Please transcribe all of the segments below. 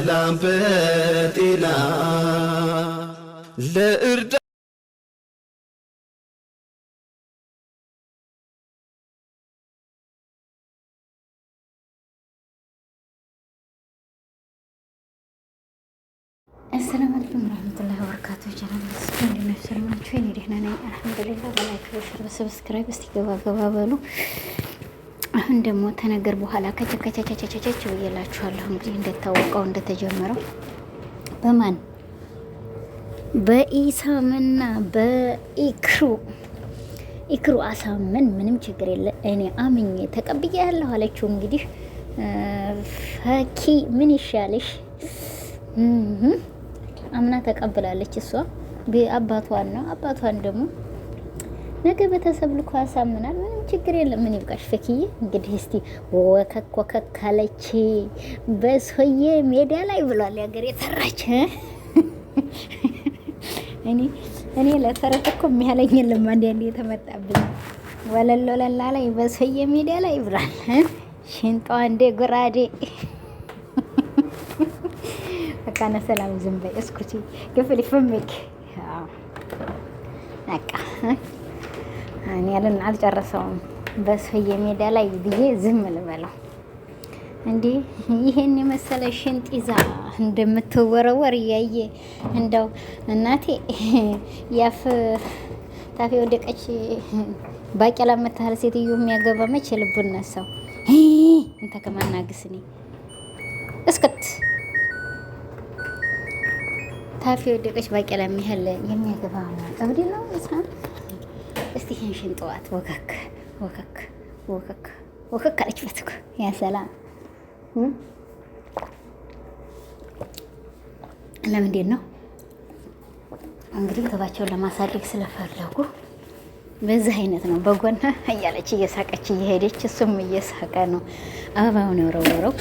በሰላም በጤና ለእርዳ አሰላም አለይኩም ወራህመቱላሂ ወበረካቱ። ጀናል ስንድነሽ ሰላማችሁ? እኔ ደህና ነኝ አልሐምዱሊላህ። በላይክ በሸር በሰብስክራይብ እስቲ ገባ ገባ በሉ አሁን ደግሞ ተነገር በኋላ ከቸከቸቸቸቸች ብዬላችኋለሁ። እንግዲህ እንደታወቀው እንደተጀመረው በማን በኢሳምና በኢክሩ ኢክሩ አሳምን ምንም ችግር የለ እኔ አምኜ ተቀብዬ ያለሁ አለችው። እንግዲህ ፈኪ ምን ይሻለሽ? አምና ተቀብላለች እሷ አባቷን ነው አባቷን ደግሞ ነገ ቤተሰብ ልኮ ያሳምናል። ምንም ችግር የለም። ምን ይብቃሽ ፈክዬ። እንግዲህ እስቲ ወከክ ወከክ ካለች በሶዬ ሜዳ ላይ ብሏል ያገር የሰራች እኔ እኔ ለተረት እኮ የሚያለኝ የለም። አንዴ አንዴ የተመጣብኝ ወለሎ ለላ ላይ በሶዬ ሜዳ ላይ ብሏል። ሽንጧ እንዴ ጉራዴ በቃ ነሰላም ዝም በይ እስኩቲ ክፍል ይፈምክ በቃ እኔ ያለን አልጨረሰውም። በሶዬ ሜዳ ላይ ብዬ ዝም ልበለው እንዴ? ይሄን የመሰለ ሽንጥ ይዛ እንደምትወረወር እያየ እንደው እናቴ ያፍ ታፌ ወደቀች ባቄላ የምታህል ሴትዮ የሚያገባ መች ልቡን ነሳው። እንተ ከማናግስኔ እስክት ታፌ ወደቀች ባቄላ የሚያህል የሚያገባ እብድ ነው እስቲ ይህን ሽንጠዋት ወከክ ወከክ ወከክ ወከክ አለችበት እኮ ያ ሰላም ለምንድን ነው እንግዲህ ተባቸውን ለማሳደግ ስለፈለጉ በዚህ አይነት ነው። በጎና እያለች እየሳቀች እየሄደች እሱም እየሳቀ ነው። አበባውን የወረወረው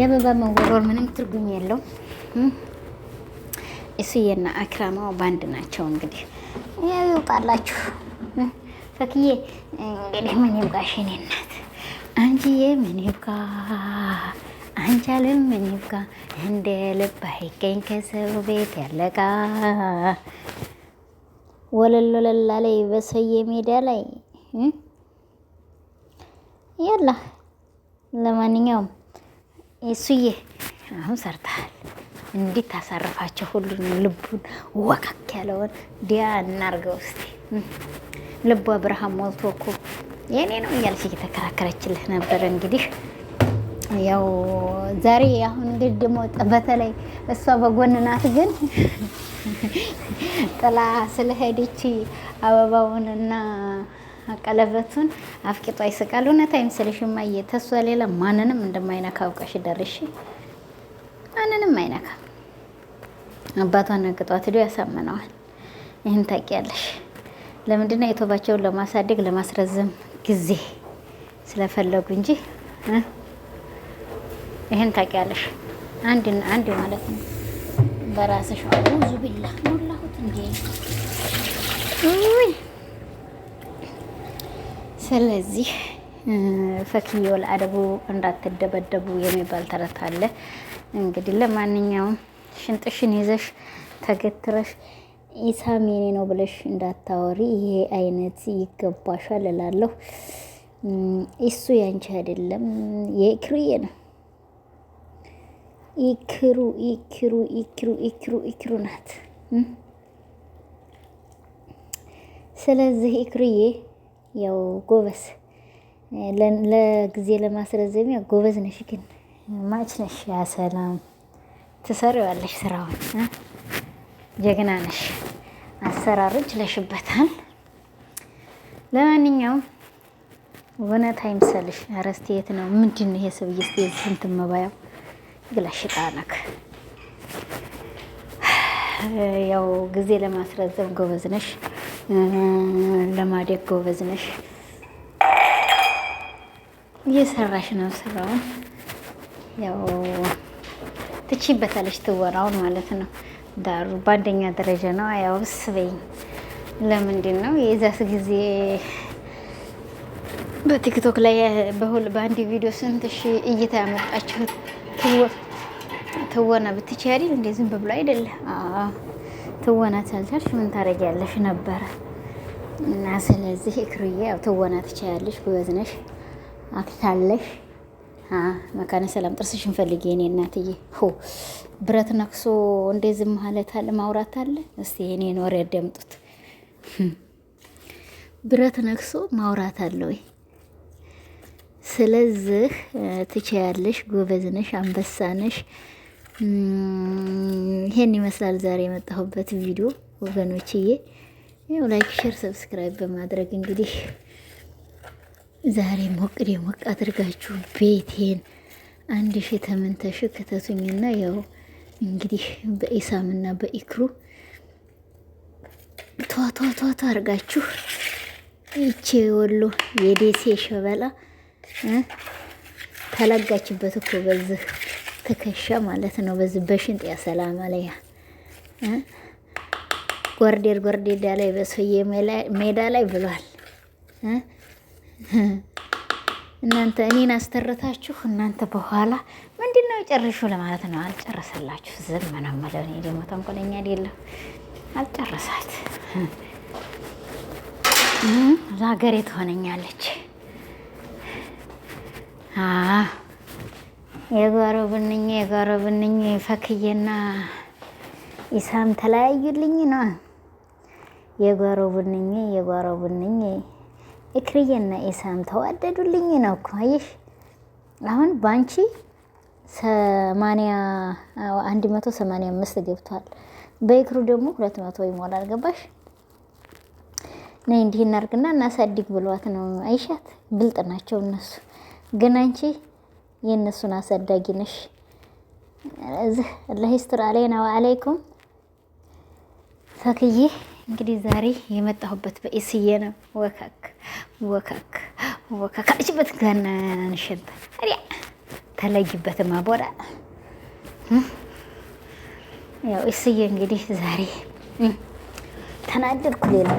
የአበባ መወረወር ምንም ትርጉም የለው። እሱዬና አክራማው ባንድ ናቸው እንግዲህ ይውጣላችሁ። ፈክዬ እንግዲህ ምን ይብቃሽ የኔ እናት፣ አንቺዬ ምን ይብቃ አንቻልም ምን ይብቃ፣ እንደ ልብ አይገኝ ከሰው ቤት ያለቃ ወለል ወለላ ላይ በሰየ ሜዳ ላይ ያላ። ለማንኛውም እሱዬ አሁን ሰርተሃል። እንዴት ታሳርፋቸው ሁሉንም ልቡን ወካክ ያለውን ዲያ እናርገው እስቲ። ልቡ አብርሃም ሞልቶ እኮ የእኔ ነው እያለች እየተከራከረችልህ ነበር። እንግዲህ ያው ዛሬ አሁን እንግዲህ ደግሞ በተለይ እሷ በጎን ናት፣ ግን ጥላ ስለሄደች አበባውንና ቀለበቱን አፍቂጧ ይስቃል። እውነት አይምስልሽም? እማዬ ተሷ ሌላ ማንንም እንደማይነካ አውቀሽ ደርሽ። ማንንም አይነካ አባቷን ነግጧት ሄዶ ያሳምነዋል። ይህን ታውቂያለሽ። ለምንድነው የቶባቸውን ለማሳደግ ለማስረዘም ጊዜ ስለፈለጉ እንጂ ይህን ታውቂያለሽ። አንድ አንድ ማለት ነው። በራስሽ አውዙ ቢላ ሞላሁት እንዴ! ስለዚህ ፈክዬ አደቡ እንዳትደበደቡ የሚባል ተረት አለ። እንግዲህ ለማንኛውም ሽንጥሽን ይዘሽ ተገትረሽ ኢሳም የኔ ነው ብለሽ እንዳታወሪ፣ ይሄ አይነት ይገባሻል እላለሁ። እሱ ያንቺ አይደለም የክሩዬ ነው። ኢክሩ ኢክሩ ኢክሩ ኢክሩ ኢክሩ ናት። ስለዚህ ኢክሩዬ ያው ጎበዝ ለጊዜ ለማስረዘሚያ ጎበዝ ነሽ፣ ግን ማች ነሽ። ያሰላም ትሰሪዋለሽ ስራውን። ጀግና ነሽ። አሰራሮች ለሽበታል። ለማንኛውም እውነት አይምሰልሽ። ኧረ እስኪ የት ነው ምንድን ነው ይሄ ሰውዬ? እስኪ እንትን መባያው ግላሽጣነክ ያው ጊዜ ለማስረዘም ጎበዝ ነሽ፣ ለማደግ ጎበዝ ነሽ። እየሰራሽ ነው ስራውን ያው ትችበታለች ትወራውን ማለት ነው። ዳሩ በአንደኛ ደረጃ ነው። አያውስ ስበኝ ለምንድን ነው የዛስ ጊዜ በቲክቶክ ላይ በአንድ ቪዲዮ ስንት ሺ እይታ ያመጣችሁት? ትወና ብትች አይደል እንዴ? ዝም ብሎ አይደለ ትወና ቻልቻልሽ ምን ታደርጊያለሽ ነበረ እና ስለዚህ እክሩዬ ያው ትወና ትችያለሽ፣ ጎበዝ ነሽ፣ አትታለሽ መካነ ሰላም ጥርስሽን ፈልጊ የኔ እናትዬ። ሆ ብረት ነክሶ እንዴ ዝም ማለት አለ ማውራት አለ። እስቲ የኔን ወሬ ያደምጡት። ብረት ነክሶ ማውራት አለ ወይ? ስለዚህ ትችያለሽ፣ ጎበዝ ነሽ፣ አንበሳ ነሽ። ይሄን ይመስላል ዛሬ የመጣሁበት ቪዲዮ ወገኖችዬ። ላይክ፣ ሼር፣ ሰብስክራይብ በማድረግ እንግዲህ ዛሬ ሞቅ ደሞቅ አድርጋችሁ ቤቴን አንድ ሺ ተመንተሽ ሺ ከተቱኝና ያው እንግዲህ በኢሳምና በኢክሩ ቷቷቷቷ አድርጋችሁ ይቼ ወሎ የደሴ ሸበላ ተላጋችበት እኮ በዚህ ትከሻ ማለት ነው። በዚህ በሽንጥ ያሰላም አለያ ጎርዴር ጎርዴዳ ላይ በሰውዬ ሜዳ ላይ ብሏል። እናንተ እኔን አስተረታችሁ እናንተ በኋላ ምንድን ነው ጨርሹ ለማለት ነው። አልጨረሰላችሁ ዝም ነው እኔ ደግሞ ተንኮለኛ አይደለም። አልጨረሳት ዛገሬ ትሆነኛለች። የጓሮ ብንኝ የጓሮ ብንኝ ፈክዬና ኢሳም ተለያዩልኝ ነው የጓሮ ብንኝ የጓሮ ብንኝ እክርዬና ኢሳም ተዋደዱልኝ ነው እኮ አየሽ። አሁን ባንቺ ሰማንያ አንድ መቶ ሰማንያ አምስት ገብቷል። በእክሩ ደግሞ ሁለት መቶ ይሞላል። ገባሽ? ነይ እንዲህ እናርግና እናሳድግ ብሏት ነው አይሻት። ብልጥ ናቸው እነሱ። ግን አንቺ የእነሱን አሳዳጊ ነሽ። እዚህ አላህ ይስጥር። አለይና ወአለይኩም ፈክዬ እንግዲህ ዛሬ የመጣሁበት በኢስዬ ነው። ወካክ ወካክ ወካክ አጭበት ጋና ሪያ ተለይበት ማቦዳ ያው ኢስዬ እንግዲህ ዛሬ ተናደድኩ። ሌላ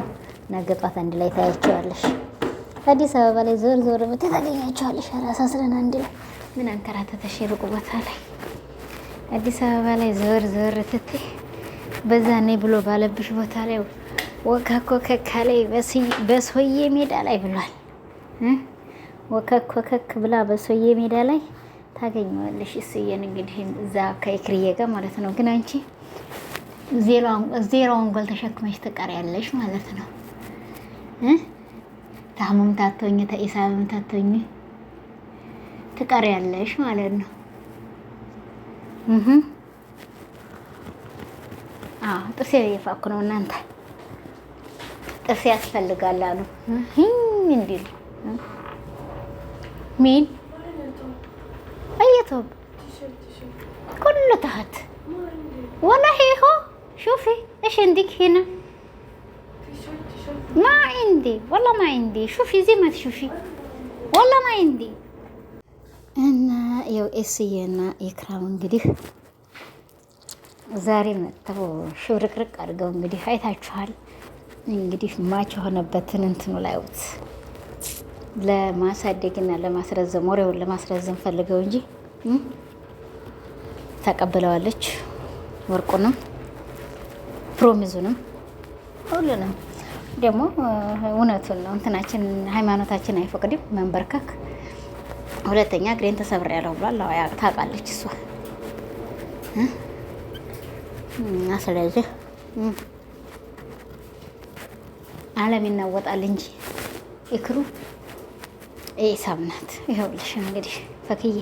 ነገ ጧት አንድ ላይ ታያቸዋለሽ። አዲስ አበባ ላይ ዞር ዞር ብታይ ታገኛቸዋለሽ። ስለን አንድ ላይ ምን አንከራተተሽ ሩቅ ቦታ ላይ አዲስ አበባ ላይ ዞር ዞር ትቴ በዛ ነይ ብሎ ባለብሽ ቦታ ላይ ወካኮ ከካ በሶዬ ሜዳ ላይ ብሏል። ወከኮ ከክ ብላ በሶዬ ሜዳ ላይ ታገኘዋለሽ። እስዬን እንግዲህ እዛ ከኢክርዬ ጋር ማለት ነው። ግን አንቺ ዜሮውን ጎል ተሸክመሽ ትቀሪያለሽ ማለት ነው። ታሙም ታቶኝ ተኢሳብም ታቶኝ ትቀሪያለሽ ማለት ነው። ጥርሴ እየፋኩ ነው። እናንተ ጥርሴ ያስፈልጋል አሉ እንዲሉ ሚን እየተወብ ኩሉ ተሀት والله هو شوفي ايش عندك هنا ما عندي والله ما عندي شوفي زي ما تشوفي والله ما عندي እና ያው ኤስዬ እና የክራም እንግዲህ ዛሬ መጥተው ሽብርቅርቅ አድርገው እንግዲህ አይታችኋል። እንግዲህ ማች የሆነበትን እንትኑ ላይውት ለማሳደግና ለማስረዘም ወሬውን ለማስረዘም ፈልገው እንጂ ተቀብለዋለች ወርቁንም ፕሮሚዙንም ሁሉንም ደግሞ እውነቱን ነው። እንትናችን ሃይማኖታችን አይፈቅድም መንበርከክ። ሁለተኛ እግሬን ተሰብሬያለሁ ብሏል። ታውቃለች እሷ እና ስለዚህ ዓለም ይናወጣል እንጂ ይክሩ ኢሳም ናት። ይኸውልሽ እንግዲህ ፈክዬ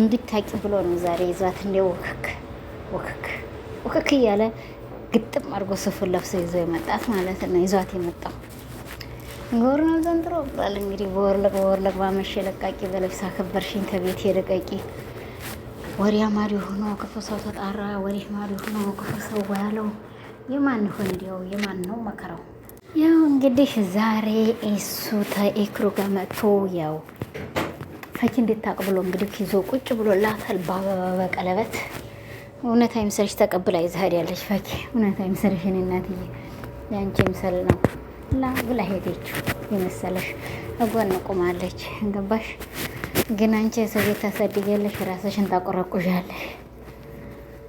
እንድታቂ ብሎ ነው ዛሬ ይዟት እንዲያው ውክክ ውክክ ውክክ እያለ ግጥም አድርጎ ሱፉን ለብሶ ይዞ የመጣት ማለት ነው። ይዟት የመጣው ጎር ነው ዘንድሮ ብሏል። እንግዲህ በወርለቅ በወርለቅ ባመሽ ለቃቂ በለብሳ ከበርሽኝ ተቤት የደቀቂ ወሬ ማዶ ሆኖ ክፉ ሰው ተጣራ፣ ወሬ ማዶ ሆኖ ክፉ ሰው ያለው የማን ሆን እንዲያው የማን ነው መከራው? ያው እንግዲህ ዛሬ እሱ ተኤክሩ ጋር መጥቶ ያው ፈኪ እንድታቅ ብሎ እንግዲህ ይዞ ቁጭ ብሎ ብሎላታል በአበባ በቀለበት። እውነት አይምሰልሽ ተቀብላ ይዛሀድ ያለች ፈኪ እውነት አይምሰልሽ እኔ እናትዬ የአንቺ ምሰል ነው ላ ብላ ሄደችው የመሰለሽ እጎን ቆማለች ገባሽ ግን አንቺ የሰው ቤት ታሳድጊያለሽ፣ ራስሽን ታቆረቁዣለሽ።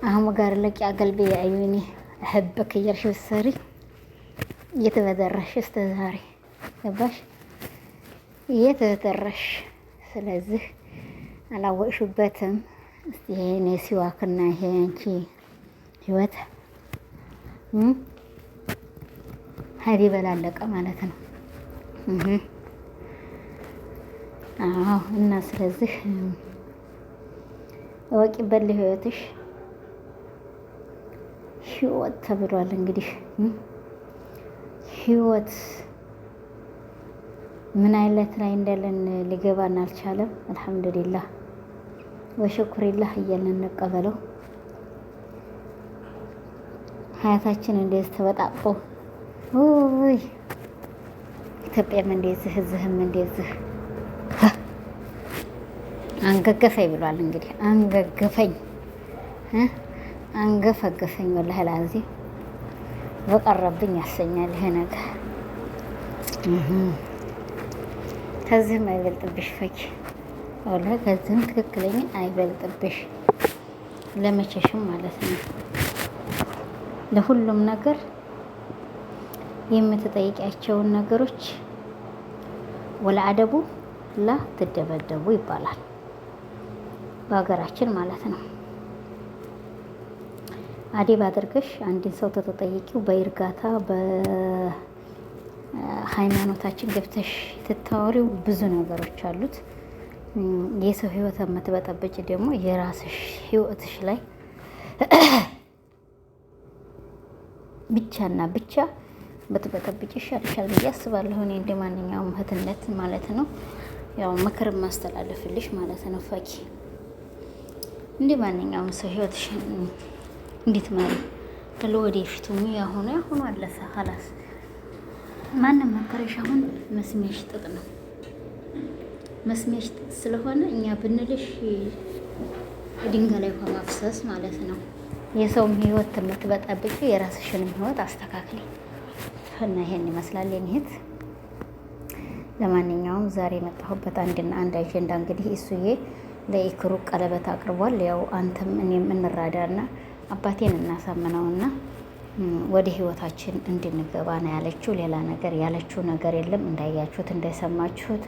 አህሙ ጋር ለቂ አገልብ የአዩኒ ህብክ እያልሽ ብትሰሪ እየተበደረሽ እስከ ዛሬ ገባሽ እየተበደረሽ። ስለዚህ አላወቅሽበትም። እስቲ እኔ ሲዋክና ይሄ አንቺ ህይወት ሀዲ በላለቀ ማለት ነው። አዎ እና ስለዚህ እወቂ በል ህይወትሽ ህይወት ተብሏል። እንግዲህ ህይወት ምን አይነት ላይ እንዳለን ሊገባን አልቻለም። አልሐምዱሊላህ ወሸኩሪላህ እያለን እንቀበለው። ሀያታችን እንደዚህ ተበጣጥቆ ውይ ኢትዮጵያም እንደዚህ እዚህም እንደዚህ አንገገፈኝ ብሏል። እንግዲህ አንገገፈኝ አንገፈገፈኝ ወላሂ ላዚ በቀረብኝ ያሰኛል ይሄ ነገር። ከዚህም አይበልጥብሽ ፈኪ፣ ወላሂ ከዚህም ትክክለኛ አይበልጥብሽ ለመቼሽም ማለት ነው። ለሁሉም ነገር የምትጠይቂያቸውን ነገሮች ወለአደቡ ላ ትደበደቡ ይባላል። በሀገራችን ማለት ነው። አዴብ አድርገሽ አንድን ሰው ተጠይቂው በእርጋታ በሃይማኖታችን ገብተሽ ትታወሪው ብዙ ነገሮች አሉት። የሰው ህይወት የምትበጠበጭ ደግሞ የራስሽ ህይወትሽ ላይ ብቻና ብቻ በተበጠብጭ ይሻልሻል ብዬ አስባለሁ። እኔ እንደ ማንኛውም እህትነት ማለት ነው ያው ምክር ማስተላለፍልሽ ማለት ነው ፈኪ እንደ ማንኛውም ሰው ህይወትሽን እንዴት መሪ ለወደፊቱ ያሁኑ ያሁኑ አለፈ ኸላስ ማንም መከረሽ አሁን መስሜሽ ጥጥ ነው። መስሜሽ ጥጥ ስለሆነ እኛ ብንልሽ ድንጋይ ላይ ውሃ ማፍሰስ ማለት ነው። የሰውም ህይወት የምትበጣብቂ የራስሽንም ህይወት አስተካክል እና ይሄን ይመስላል እህት። ለማንኛውም ዛሬ የመጣሁበት አንድና አንድ አጀንዳ እንግዲህ እሱዬ ለኢክሩ ቀለበት አቅርቧል። ያው አንተም እኔም እንራዳና አባቴን እናሳምነውና ወደ ህይወታችን እንድንገባ ነው ያለችው። ሌላ ነገር ያለችው ነገር የለም። እንዳያችሁት እንደሰማችሁት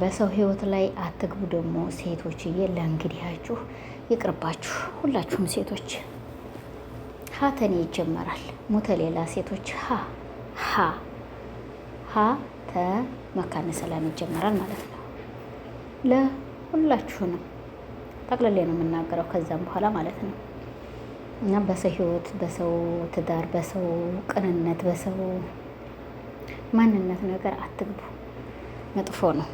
በሰው ህይወት ላይ አትግቡ። ደግሞ ሴቶችዬ ለእንግዲያችሁ ይቅርባችሁ። ሁላችሁም ሴቶች ሀተን ይጀመራል። ሙተ ሌላ ሴቶች ሀ ሀ ሀ ተ መካነ ሰላም ይጀመራል ማለት ነው ለ ሁላችሁንም ጠቅልሌ ነው የምናገረው ከዛም በኋላ ማለት ነው። እና በሰው ህይወት፣ በሰው ትዳር፣ በሰው ቅንነት፣ በሰው ማንነት ነገር አትግቡ፣ መጥፎ ነው።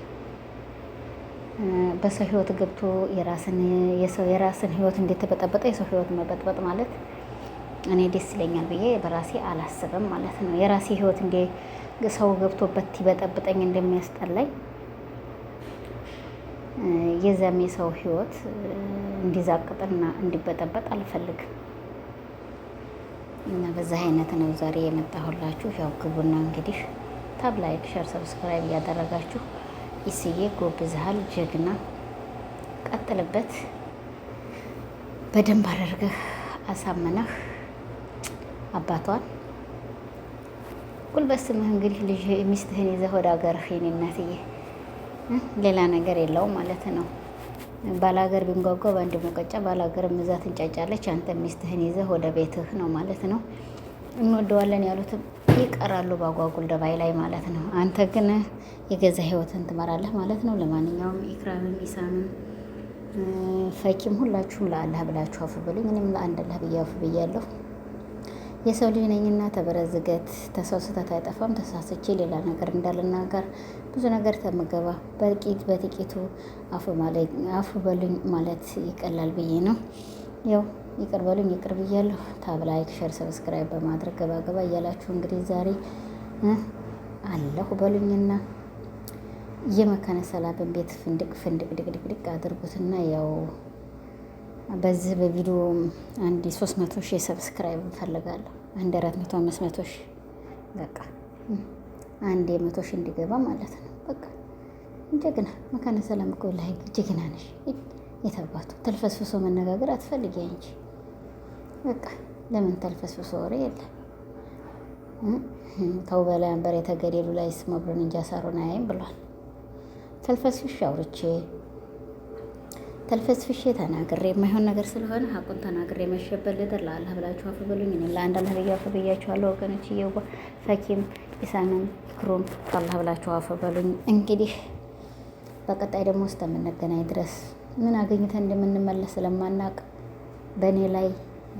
በሰው ህይወት ገብቶ የራስን ህይወት እንደተበጠበጠ የሰው ህይወት መበጥበጥ ማለት እኔ ደስ ይለኛል ብዬ በራሴ አላስብም ማለት ነው። የራሴ ህይወት እንደ ሰው ገብቶበት ይበጠብጠኝ እንደሚያስጠላኝ የዘሜ ሰው ህይወት እንዲዛቅጥና እንዲበጠበጥ አልፈልግም እና በዛ አይነት ነው ዛሬ የመጣሁላችሁ። ያው ግቡና እንግዲህ ታብ ላይክ፣ ሸር፣ ሰብስክራይብ እያደረጋችሁ ይስዬ ጎብዝሃል፣ ጀግና ቀጥልበት፣ በደንብ አደርገህ አሳምነህ አባቷን ጉልበት ስምህ እንግዲህ ልጅ ሚስትህን ይዘህ ወደ ሀገር የኔ እናትዬ ሌላ ነገር የለውም ማለት ነው። ባላገር ቢንጓጓ በአንድ ሙቀጫ፣ ባላገር ምዛት እንጫጫለች አንተ ሚስትህን ይዘህ ወደ ቤትህ ነው ማለት ነው። እንወደዋለን ያሉትም ይቀራሉ ባጓጉል ደባይ ላይ ማለት ነው። አንተ ግን የገዛ ህይወትን ትመራለህ ማለት ነው። ለማንኛውም ኢክራምም ኢሳምም ፈኪም ሁላችሁም ለአላህ ብላችሁ አፉ ብሉኝ። እኔም ለአንድ አላህ ብዬ አፉ ብያለሁ። የሰው ልጅ ነኝና ተበረዝገት ተሰው ስህተት አይጠፋም። ተሳስቼ ሌላ ነገር እንዳልናገር ብዙ ነገር ተመገባ በጥቂት በጥቂቱ አፉ በሉኝ ማለት ይቀላል ብዬ ነው። ያው ይቅር በሉኝ ይቅር ብያለሁ። ታብ ላይክ፣ ሸር፣ ሰብስክራይብ በማድረግ ገባገባ እያላችሁ እንግዲህ ዛሬ አለሁ በሉኝና የመካነ ሰላምን ቤት ፍንድቅ ፍንድቅ ድቅድቅድቅ አድርጉትና ያው በዚህ በቪዲዮ አንድ ሶስት መቶ ሺህ ሰብስክራይብ እንፈልጋለሁ። አንድ አራት መቶ አምስት መቶ ሺህ በቃ አንድ የመቶ ሺህ እንዲገባ ማለት ነው። በቃ ጀግና መካነ ሰላም እኮ ላይ ጀግና ነሽ። የተባቱ ተልፈስፍሶ መነጋገር አትፈልጊ አንቺ። በቃ ለምን ተልፈስፍሶ ወሬ የለም። ተው በላይ አንበር የተገደሉ ላይ ስመብርን እንጂ አሳሩን አያይም ብሏል። ተልፈስፍሽ አውርቼ ተልፈስፍሽ ተናግሬ የማይሆን ነገር ስለሆነ ሀቁን ተናግሬ መሸበል ልጥር ለአላህ ብላችሁ አፍ በሉኝ። ለአንድ አላህ አፍ ብያችኋለሁ ወገኖች እየዋ ፈኪም ኢሳንን ክሮም አላህ ብላችሁ አፈበሉኝ እንግዲህ በቀጣይ ደግሞ እስከምንገናኝ ድረስ ምን አገኝተን እንደምንመለስ ስለማናቅ በእኔ ላይ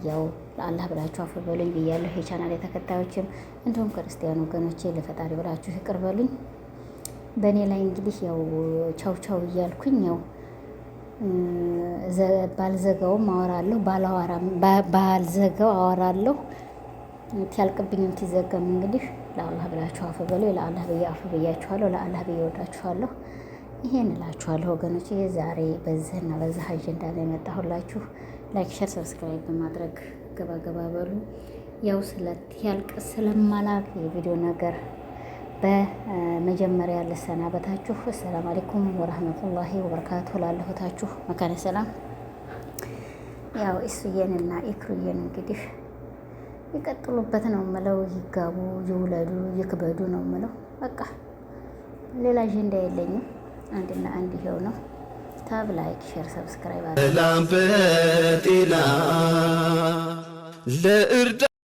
ያው ለአላህ ብላችሁ አፈበሉኝ በሉኝ ብያለሁ። የቻናል የተከታዮችም እንዲሁም ክርስቲያን ወገኖቼ ለፈጣሪ ብላችሁ ይቅር በሉኝ። በእኔ ላይ እንግዲህ ያው ቻው ቻው እያልኩኝ ያው ባልዘጋውም አወራለሁ፣ ባልዘጋው አወራለሁ። ትያልቅብኝም ትዘገም እንግዲህ ለአላህ ብላችሁ አፍ በሉ። ለአላህ ብዬ አፍ ብያችኋለሁ። ለአላህ ብዬ ወዳችኋለሁ። ይሄን እላችኋለሁ ወገኖች። ይሄ ዛሬ በዚህና በዚህ አጀንዳ ላይ መጣሁላችሁ። ላይክ፣ ሸር፣ ሰብስክራይብ በማድረግ ገባገባ በሉ። ያው ስለት ያልቅ ስለማላቅ የቪዲዮ ነገር በመጀመሪያ ልሰናበታችሁ። አሰላም አለይኩም ወረህመቱላሂ ወበረካቱ። ላለሁታችሁ መካነ ሰላም ያው ኢሱዬንና ኢክሩዬን እንግዲህ ይቀጥሉበት ነው ምለው። ይጋቡ፣ ይውለዱ፣ ይክበዱ ነው ምለው። በቃ ሌላ አጀንዳ የለኝም። አንድና አንድ ይሄው ነው። ታብ፣ ላይክ፣ ሼር፣ ሰብስክራይብ